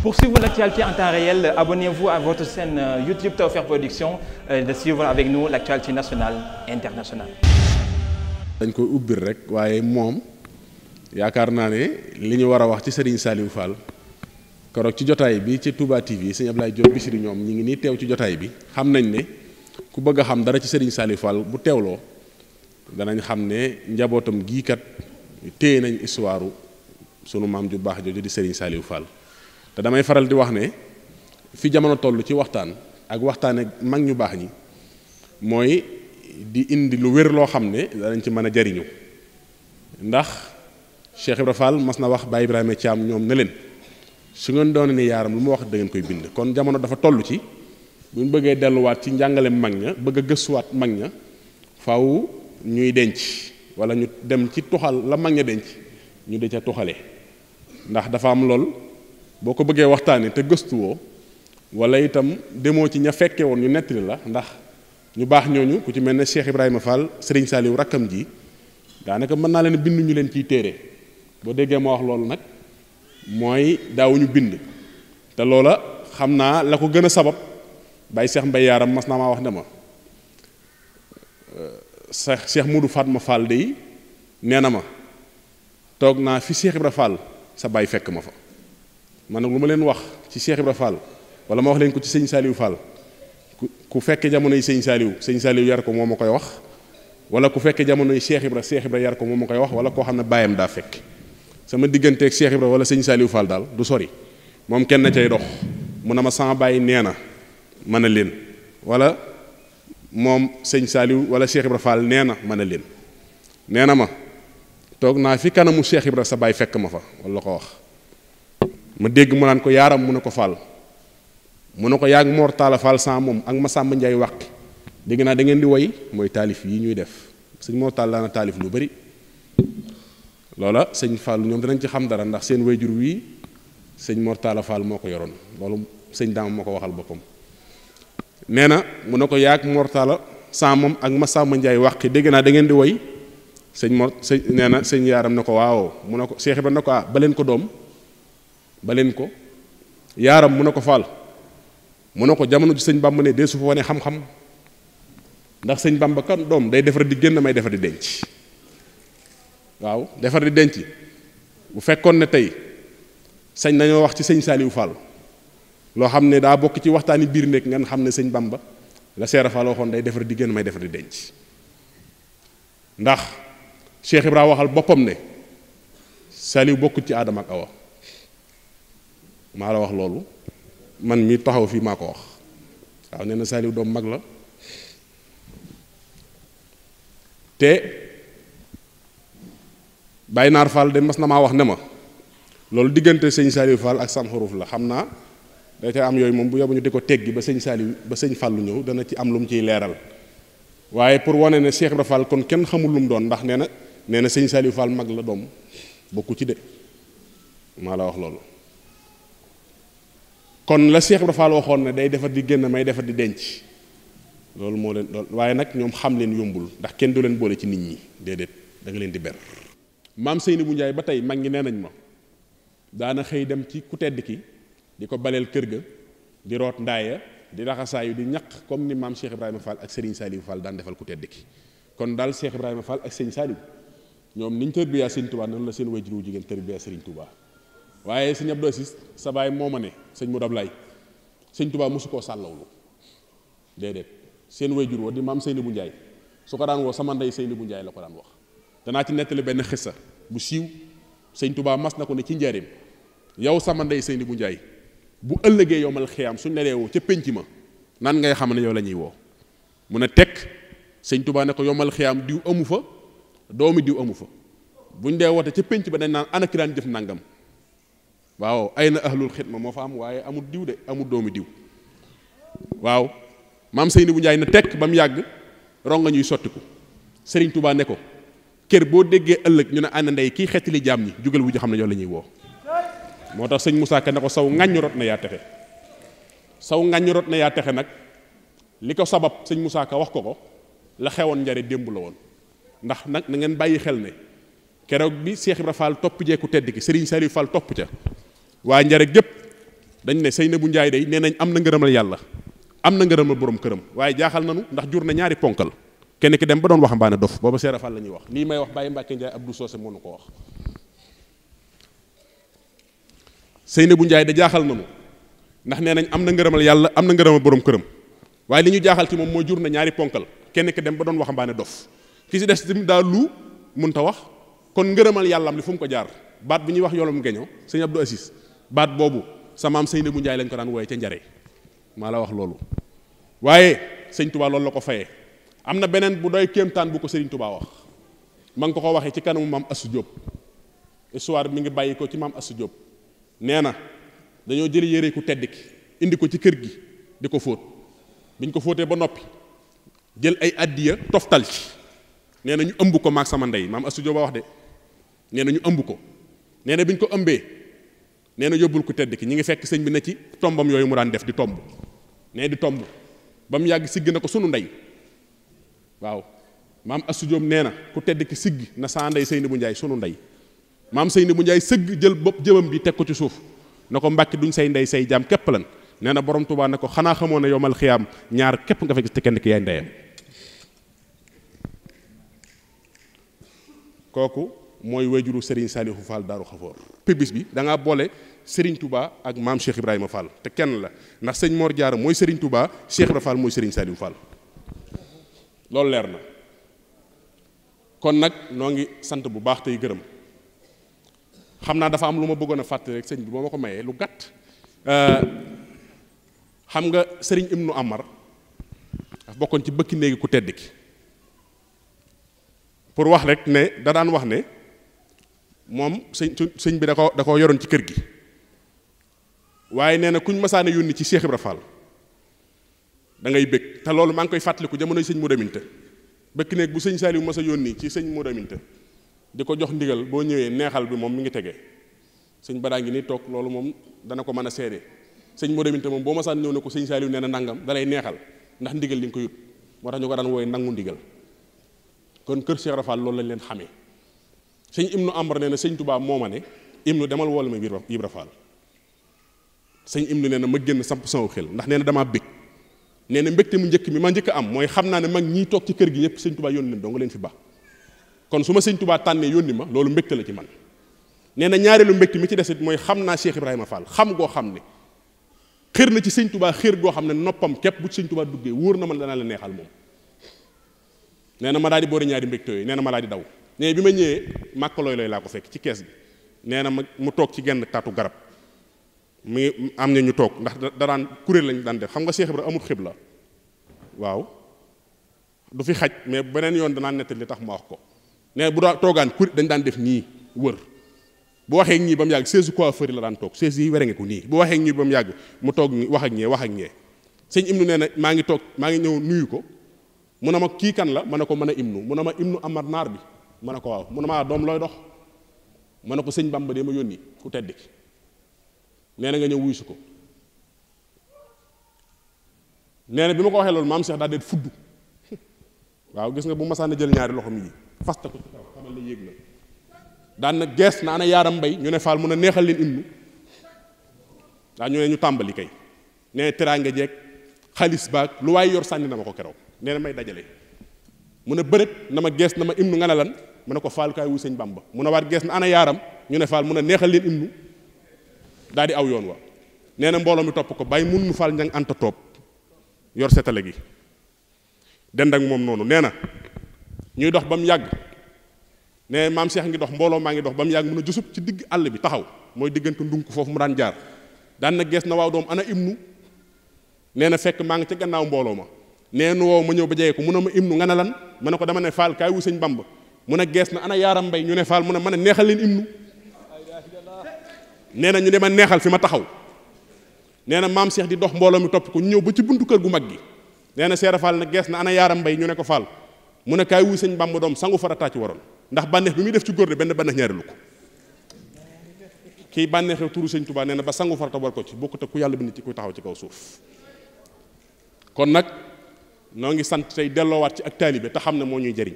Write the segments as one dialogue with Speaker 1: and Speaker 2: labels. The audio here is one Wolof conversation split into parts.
Speaker 1: Pour suivre l'actualité en temps réel, abonnez-vous à votre chaîne euh, YouTube Tawfekh Production euh, et de suivre avec nous l'actualité nationale et internationale. dañ koy ubbil rek waaye moom yaakaar naa ne li ñu war a wax ci Serigne Saliou Fall keroog ci jotaay bi ci Touba TV sëñ Ablaye Diop Bichri ñoom ñi ngi nii teew ci jotaay bi xam nañ ne ku bëgg a xam dara ci Serigne Saliou Fall bu teewloo danañ xam ne njabootam giikat kat téye nañ histoire sunu maam ju baax jooju di Serigne Saliou Fall. te damay faral di wax ne fi jamono toll ci waxtaan ak waxtaane mag ñu baax ñi mooy di indi lu wér loo xam ne danañ ci mën a jariñu ndax Cheikh Ibra Fall mas na wax Baye Ibrahima Thiam ñoom ne leen su ngeen ne ni yaaram lu ma wax da koy bind kon jamono dafa tollu ci bu ñu bëggee delluwaat ci njàngale mag ña bëgg a gëstuwaat mag ña faw ñuy denc wala ñu dem ci tuxal la mag ña denc ñu di ca tuxale ndax dafa am lool boo ko bëggee waxtaanee te gëstuwoo wala itam demoo ci ña fekke woon ñu nettali la ndax ñu baax ñooñu ku ci mel ne Cheikh Ibrahima Fall Serigne Saliou rakkam ji daanaka mën naa leen bind ñu leen ciy téere boo déggee ma wax loolu nag mooy daawuñu bind te loola xam naa la ko gën a sabab bàyyi Cheikh Mbaye yaaram mas naa maa wax ne ma euh, Cheikh Cheikh Modou Fatma Fall de nee na ma toog naa fi Cheikh Ibrahima Fall sa bàyyi fekk ma fa. man nag lu ma leen wax ci Cheikh Ibra Fall wala ma wax leen ko ci sëñ Saliou Fall ku fekke jamonoy sëñ Saliou sëñ Saliou yar ko moom ma koy wax wala ku fekke jamonoy Cheikh Ibra Cheikh Ibra yar ko moo ma koy wax wala koo xam ne bàyyam daa fekk sama digganteeg Cheikh Ibra wala sëñ Saliou Fall daal du sori moom kenn na cay dox mu ne ma sama bàyyi nee na mën a leen wala moom sëñ Saliou wala Cheikh Ibra nee na mën a leen nee na ma toog naa fi kanamu Cheikh Ibra sa baay fekk ma fa wala ko wax ma dégg mu naan ko yaaram mu ne ko Fall mu ne ko yaa ngi Mor Talla moom ak Masamba Ndiaye wàq dégg naa da ngeen di woy mooy taalif yi ñuy def sëñ Mor taalif lu bari loola sëñ Fall ñoom danañ ci xam dara ndax seen wayjur wii sëñ Mor moo ko yoroon loolu sëñ Dame moo ko waxal boppam nee na mu ne ko yaag Mor Talla moom ak Masamba Ndiaye wàq dégg naa dangeen di woy sëñ Mor sëñ nee na sëñ yaaram ne ko waaw mu ne ko Cheikh ba na ko ah baleen ko doom. ba leen ko yaaram mu ne ko faal mu ne ko jamono ji sëñ bàmba ne dee su fa wane xam-xam ndax sëñ bàmba kan doom day defar di génn may defar di denc waaw defar di denc bu fekkoon ne tey sañ nañoo wax ci sëñ Saaliwu Fall loo xam ne daa bokk ci waxtaani biir nekk ngeen xam ne sëñ bàmba la seera Fall waxoon day defar di génn may defar di denc ndax Cheikh Ibrahima waxal boppam ne Saaliw bokkut ci aadama ak awa maa la wax loolu man mii taxaw fii maa ko wax waaw nee na Saliou doom mag la te Baye Naar Fall de mas na maa wax ne ma loolu diggante sëñ Saliou Fall ak Sam Xuruf la xam naa day am yooyu moom bu yóbbu ñu di ko teggi ba sëñ Saliou ba sëñ ñëw dana ci am lu mu ciy leeral waaye pour wane ne Cheikh Ibra Fall kon kenn xamul lu mu doon ndax nee na nee na sëñ Saliou Fall mag la doom bokku ci de maa la wax loolu. kon la Cheikh Ibra Fall waxoon ne day defar di génn may defar di denc loolu moo leen lool waaye nag ñoom xam leen yombul ndax kenn du leen boole ci nit ñi déedéet da nga leen di ber maam Seynabou Ndiaye ba tey mag ñi nee nañ ma daana xëy dem ci ku tedd ki ko baleel kër ga di root ndaaya di raxasaayu di ñaq comme ni maam Cheikh Ibrahima Fall ak Serigne Saliou Fall daan defal ku tedd ki kon daal Cheikh Ibrahima Fall ak Serigne Saliou ñoom niñ tërbiyaa Serigne Touba noonu la seen wajur wu jigéen tërbiyaa Serigne Touba waaye sëñ Abdou sa baay moo ma ne sëñ Modou laay sëñ Touba mosu koo sàllawlu déedéet seen wayjur wa di maam Seynabou Ndiaye su ko daan woo sama ndey bu njaay la ko daan wax danaa ci nettali benn xissa bu siiw sëñ Touba mas na ko ne ci njaareem yow sama ndey bu njaay bu ëllëgee yomal xiyaam suñ la dee woo ca pénc ma nan ngay xam ne yow lañuy woo mu ne teg sëñ tubaa ne ko yomal xiyaam diw amu fa doomi diw amu fa buñ dee woote ca pénc ba dañ naan ana ki nangam. waaw ay na ahlul ma moo fa am waaye amul diw de amul doomu diw waaw maam Seyni bu Njaay na tekk ba mu yàgg ronga ñuy sottiku Sëriñ Tuubaa ne ko kër boo déggee ëllëg ñu ne ànd ndey kii xettali jaam ñi jógal wu ji xam ne ñoo la ñuy woo moo tax sëñ Moussa Ka ne ko saw ŋàññ rot na yaa texe saw ŋàññ rot na yaa texe nag li ko sabab sëñ Moussa ko wax ko ko la xewoon njare démb la woon ndax nag na ngeen bàyyi xel ne keroog bi Cheikh Ibra Fall topp jeeku tedd ki Serigne Saliou Fall topp ca waa njare gépp dañ ne bu Njaay day nee nañ am na ngërëmal yàlla am na ngërëmal borom këram waaye jaaxal nanu ndax jur na ñaari ponkal kenn ki dem ba doon wax mbaane dof booba seera la ñuy wax lii may wax Baye Mbàkke Njaay Abdou Socé moo nu ko wax Seynabu Njaay da jaaxal nanu ndax nee nañ am na ngërëmal yàlla am na ngërëmal borom këram waaye li ñu jaaxal ci moom mooy jur na ñaari ponkal kenn ki dem ba doon waxambaane dof ki si des tamit daa lu mun ta wax kon ngërëmal yàlla am li fu mu ko jaar baat bi ñuy wax yoolum geño sëñ Abdou Assis baat boobu sa maam sëy na bu njaay lañ ko daan wooye ca njare maa la wax loolu waaye sëñ tubaa loolu la ko fayee am na beneen bu doy kéemtaan bu ko sëriñ baa wax ma ngi ko ko waxee ci kanamu maam Assou Diop histoire mi ngi bàyyi ko ci maam Assou Diop nee na dañoo jëli yére ku tedd ki indi ko ci kër gi di ko fóot biñ ko fóotee ba noppi jël ay addiya toftal ci nee na ñu ëmb ko maag sama ndey maam Assou Diop wax de nee na ñu ëmb ko nee na biñ ko ëmbee nee na yóbbul ku tedd ki ñi ngi fekk sëñ bi ne ci tombam yooyu mu daan def di tomb nee di tomb ba mu yàgg sigg na ko sunu ndey waaw maam Astou nee na ku tedd ki sigg na saa ndey Seynabou njaay sunu ndey maam Seynabou Ndiaye sëgg jël bopp jëmam bi teg ko ci suuf na ko mbàkki duñ say ndey say jaam képp lan nee na borom Tuubaa na ko xanaa xamoo ne yomal xiyaam ñaar képp nga fa gis te kenn ki yaay ndeyam kooku mooy wayjuru Serigne Saliou Fall Darou Khafor pibis bi da boole Serigne Touba ak maam Cheikh Ibrahima Fall te kenn la ndax sëñ moor Diarra mooy sëriñ Touba Cheikh Ibrahima Fall mooy Serigne Saliou Fall loolu leer na kon nag noo ngi sant bu baax tey gërëm xam naa dafa am lu ma bëggoon a fàttali sëñ bi boo ma ko mayee lu gàtt euh, xam nga sëriñ Ibnu Amar daf bokkoon ci bëkki néegi ku tedd ki pour wax rek ne da daan wax ne. moom sëñ sëñ bi da ko da yoroon ci kër gi waaye nee na kuñ masaana yónni ci Cheikh Ibra Fall da ngay bëgg te loolu maa ngi koy fàttaliku jamonoy sëñ Modou Aminta bëkk néeg bu sëñ Saliou mas a yónni ci sëñ Modou Aminta di ko jox ndigal boo ñëwee neexal bi moom mi ngi tege sëñ Badaa ngi ni toog loolu moom dana ko mën a seede sëñ Modou Aminta moom boo masaan ñëw ne ko sëñ Saliou nee na nangam da lay neexal ndax ndigal li nga ko yut moo tax ñu ko daan wooye nangu ndigal kon kër Cheikh Ibra loolu lañ leen xamee sëñ Ibnu Amar nee na sëñ Touba moo ma ne Ibnu demal wol ma Ibra Faal sëñ Ibnu nee na ma génn samp sama xel ndax nee na damaa bég nee na mbégte mu njëkk mi ma njëkk am mooy xam naa ne mag ñiy toog ci kër gi yëpp sëñ Touba yónni leen leen fi baax kon su ma sëñ Touba tànnee yónni ma loolu mbégte la ci man nee na ñaareelu mbégte mi ci desit mooy xam naa Cheikh Ibrahima Fall xam goo xam ne xër na ci sëñ Touba xër goo xam ne noppam képp bu ci sëñ Touba duggee na man danaa la neexal moom nee ma daal di boori ñaari mbégte yooyu nee na ma daal di daw nee bi ma ñëwee màkk looy looy laa ko fekk ci kees bi nee na ma mu toog ci genn taatu garab mu am na ñu toog ndax daraan kuréel lañ daan def xam nga Cheikh Ibra amul la waaw du fi xaj mais beneen yoon danaa nettali li tax ma wax ko nee bu daa toogaan kuréel dañ daan def nii wër bu waxee ñii ba mu yàgg seize coiffeur la daan toog seize yi were nga ko nii bu waxee ak ñii ba mu yàgg mu toog wax ak ñee wax ak ñee sëñ Ibnu nee na maa ngi toog maa ngi ñëw nuyu ko mu ne ma kii kan la ma ne ko mën a Ibnu mu ne ma Ibnu Amar naar bi ma ne ko waaw mu ne maa ah, doom looy dox mën ne ko sëñ Bamba de ma yónni ku tedd ki nee nga ñëw wuyu ko nee na bi ma ko waxee loolu maam Cheikh daal deet fudd waaw gis nga bu ma masaana jël ñaari loxo mi fasta ko ci kaw xamal la yéeg na daan na gees na ana yaaram mbay ñu ne faal mun a neexal leen imnu daa ñu ne ñu tàmbali kay nee teraanga jeeg xaalis baag lu waaye yor sànni na ma ko keroog nee na may dajale mun a bërët na ma gees na ma imnu nga ne lan mu ne ko faal kaay wuy sëñ bamba mu ne waat gees na ana yaaram ñu ne faal mu ne neexal leen imnu daal di aw yoon wa nee na mbooloo mi topp ko bàyyi mun nu faal njang anta toob yor setale gi dend ak moom noonu nee na ñuy dox ba mu yàgg ne maam Cheikh ngi dox mbooloo maa ngi dox ba mu yàgg mun a jusub ci digg àll bi taxaw mooy diggante ndunk foofu mu daan jaar daan na gees na waaw doom ana imnu nee na fekk maa ngi ca gannaaw mbooloo ma nee nu woo ma ñëw ba jege ko mu ne ma imnu nga ne lan ma ne ko dama ne wu sëñ bamba mun a gees na ana yaaram mbay ñu ne faal mun a mën a neexal leen imnu nee na ñu neexal fi ma taxaw nee na maam Cheikh di dox mbooloo mi topp ko ñëw ba ci buntu kër gu mag gi nee na seera na gees na ana yaaram mbay ñu ne ko faal mu ne kaay wuy sëñ bàmba doom sangu farataa ci waroon ndax bànneex bi muy def ci góor de benn bànneex ñaareelu ko kii bànneexee turu sëñ Tuubaa nee na ba sangu farata war ko ci bokkut ak ku yàlla bind ci kuy taxaw ci kaw suuf kon nag noo ngi sant tey delloowaat ci ak taalibe te xam ne moo ñuy jariñ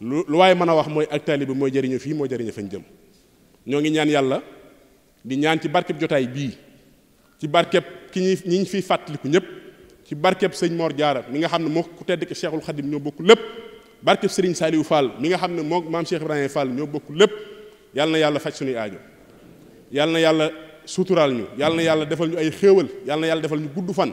Speaker 1: lu waaye mën a wax mooy ak taalibe bi mooy jëriñu fii mooy jëriñu fañ jëm ñoo ngi ñaan yàlla di ñaan ci barkeb jotaay bii ci barkeb ki ñuy ñi ñu fiy fàttaliku ñëpp ci barkeb sëñ moor jaara mi nga xam ne moo ku tedd ki Cheikhul Khadim ñoo bokk lépp barkeb Serigne Saliou Fall mi nga xam ne moo maam Cheikh Ibrahima Fall ñoo bokk lépp yàlla na yàlla faj sunuy aajo yàlla na yàlla suturaal ñu yàlla na yàlla defal ñu ay xéewal yàlla na yàlla defal ñu gudd fan